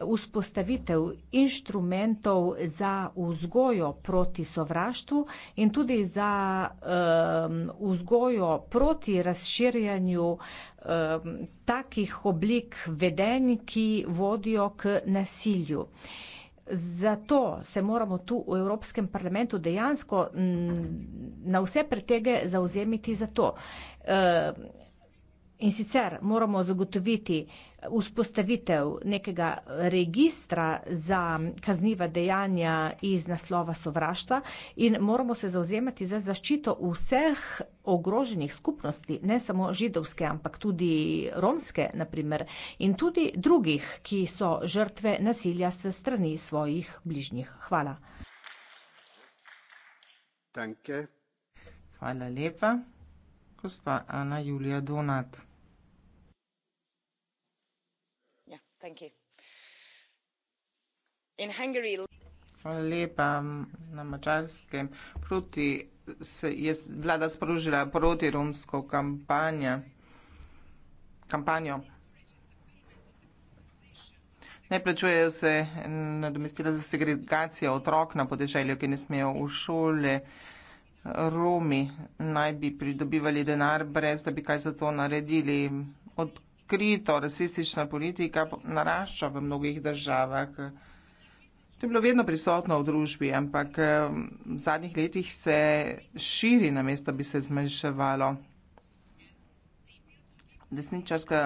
vzpostavitev inštrumentov za vzgojo proti sovraštvu in tudi za um, vzgojo proti razširjanju um, takih oblik vedenj, ki vodijo k nasilju. Uh, Zato se moramo tu v Evropskem parlamentu dejansko mm, na vse pretege zauzemiti za to. Eh, in sicer moramo zagotoviti uh, Vzpostavitev nekega registra za kazniva dejanja iz naslova sovraštva in moramo se zauzemati za zaščito vseh ogroženih skupnosti, ne samo židovske, ampak tudi romske, naprimer, in tudi drugih, ki so žrtve nasilja se strani svojih bližnjih. Hvala. Danke. Hvala lepa. Gospa Ana Julija Donat. Hvala lepa. Na Mačarskem proti, se je vlada sprožila protiromsko kampanja, kampanjo. Ne plačujejo se nadomestila za segregacijo otrok na podeželju, ki ne smejo v šole. Romi naj bi pridobivali denar, brez da bi kaj za to naredili. Od odkrito rasistična politika narašča v mnogih državah. To je bilo vedno prisotno v družbi, ampak v zadnjih letih se širi, namesto bi se zmanjševalo. Desničarska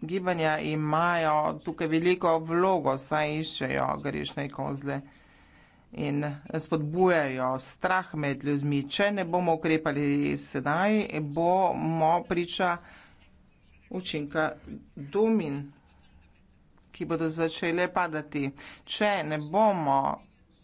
gibanja imajo tukaj veliko vlogo, saj iščejo grešne kozle in spodbujajo strah med ljudmi. Če ne bomo ukrepali sedaj, bomo priča učinka domin, ki bodo začele padati. Če ne bomo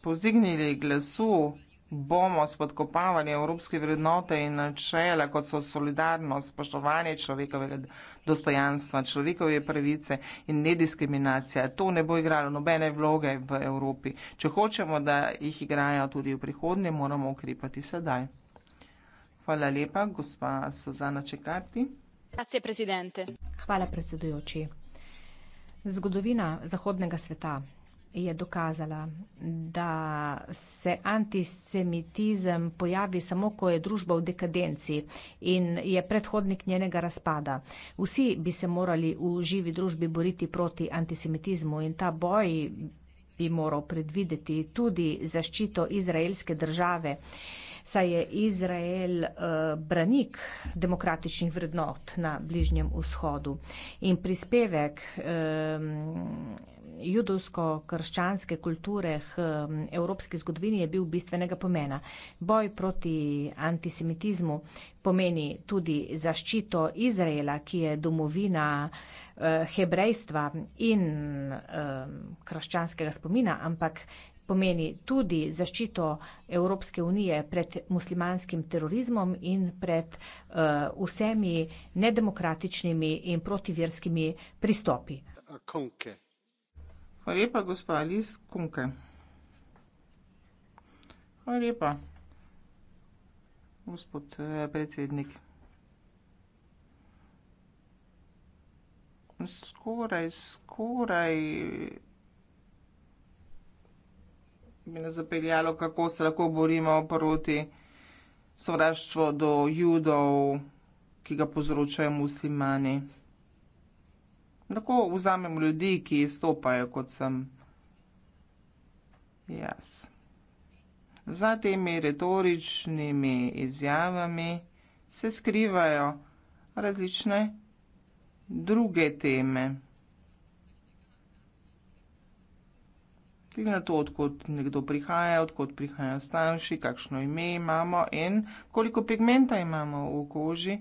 pozignili glasu, bomo spodkopavali evropske vrednote in načela, kot so solidarnost, spoštovanje človekovega dostojanstva, človekove pravice in nediskriminacija. To ne bo igralo nobene vloge v Evropi. Če hočemo, da jih igrajo tudi v prihodnje, moramo ukrepati sedaj. Hvala lepa, gospa Suzana Čekarti. Hvala, predsedujoči. Zgodovina zahodnega sveta je dokazala, da se antisemitizem pojavi samo, ko je družba v dekadenci in je predhodnik njenega razpada. Vsi bi se morali v živi družbi boriti proti antisemitizmu in ta boj bi moral predvideti tudi zaščito izraelske države saj je Izrael eh, branik demokratičnih vrednot na Bližnjem vzhodu. In prispevek judovsko-krščanske kulture k evropski zgodovini je bil bistvenega pomena. Boj proti antisemitizmu pomeni tudi zaščito Izraela, ki je domovina eh, hebrejstva in krščanskega spomina, ampak pomeni tudi zaščito Evropske unije pred muslimanskim terorizmom in pred uh, vsemi nedemokratičnimi in protivjerskimi pristopi. Konke. Hvala lepa, gospa Alis Kunke. Hvala lepa, gospod eh, predsednik. Skoraj, skoraj bi nas zapeljalo, kako se lahko borimo proti sovraštvu do judov, ki ga povzročajo muslimani. Lahko vzamem ljudi, ki izstopajo, kot sem jaz. Za temi retoričnimi izjavami se skrivajo različne druge teme. Glede na to, odkot nekdo prihaja, odkot prihajajo starši, kakšno ime imamo in koliko pigmenta imamo v koži,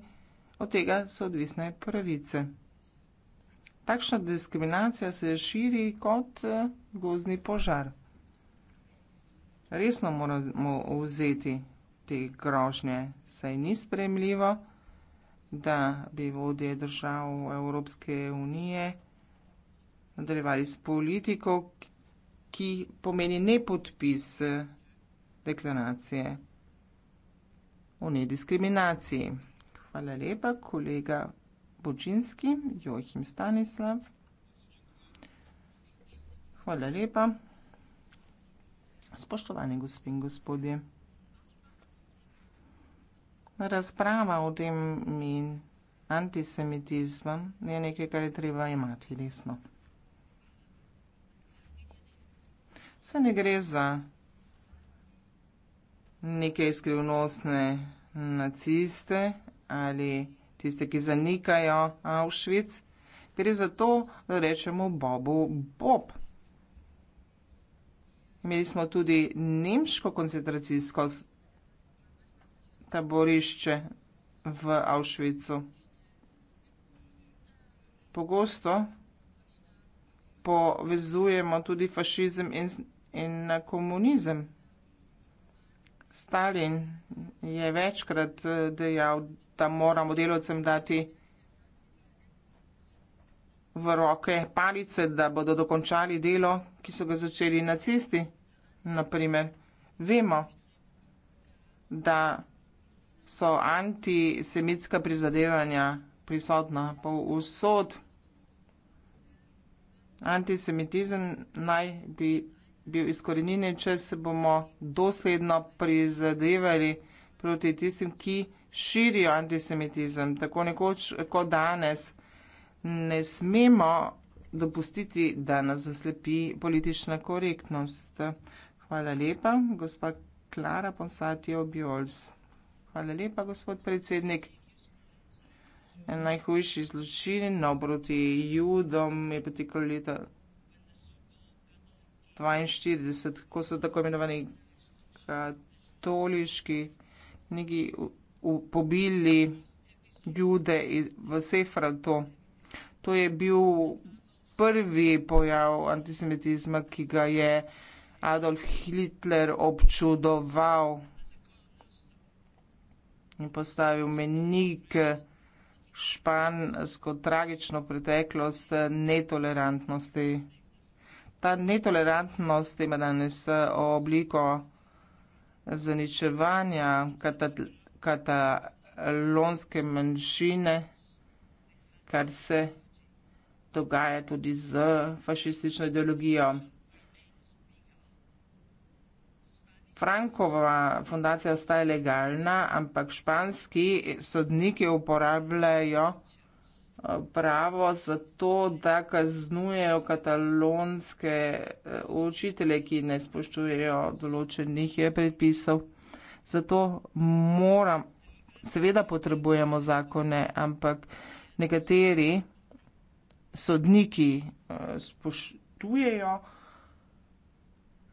od tega so odvisne pravice. Takšna diskriminacija se širi kot eh, gozni požar. Resno moramo vzeti te grožnje, saj ni spremljivo, da bi vodje držav Evropske unije nadaljevali s politiko, ki pomeni ne podpis eh, deklaracije o nediskriminaciji. Hvala lepa, kolega Bočinski, Joachim Stanislav. Hvala lepa. Spoštovani gospod in gospodje, razprava o tem in antisemitizmu je nekaj, kar je treba imati resno. se ne gre za nekaj skrivnostne naciste ali tiste, ki zanikajo Auschwitz. Gre za to, da rečemo Bobu Bob. Imeli smo tudi nemško koncentracijsko taborišče v Auschwitzu. Pogosto povezujemo tudi fašizem in, in komunizem. Stalin je večkrat eh, dejal, da moramo delovcem dati v roke palice, da bodo dokončali delo, ki so ga začeli nacisti. Naprimer, vemo, da so antisemitska prizadevanja prisotna po vsod. Antisemitizem naj bi bil izkorenjen, če se bomo dosledno prizadevali proti tistim, ki širijo antisemitizem, tako nekoč kot danes. Ne smemo dopustiti, da nas zaslepi politična korektnost. Hvala lepa, gospa Klara Ponsatijo Bjols. Hvala lepa, gospod predsednik. En najhujši zločin, no, proti judom je potekal leta 42, ko so tako imenovani katoliški neki pobili jude v Sefrato. To je bil prvi pojav antisemitizma, ki ga je Adolf Hitler občudoval in postavil menike špansko tragično preteklost netolerantnosti. Ta netolerantnost ima danes eh, obliko zaničevanja katalonske manjšine, kar se dogaja tudi z fašistično ideologijo. Frankova fundacija ostaja legalna, ampak španski sodniki uporabljajo eh, pravo za to, da kaznujejo katalonske eh, učitelje, ki ne spoštujejo določenih eh, predpisov. Zato moram, seveda potrebujemo zakone, ampak nekateri sodniki spoštujejo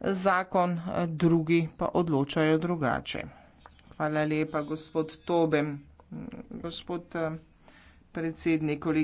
zakon, eh, drugi pa odločajo drugače. Hvala lepa, gospod Tobem. Mm, gospod eh, predsednik,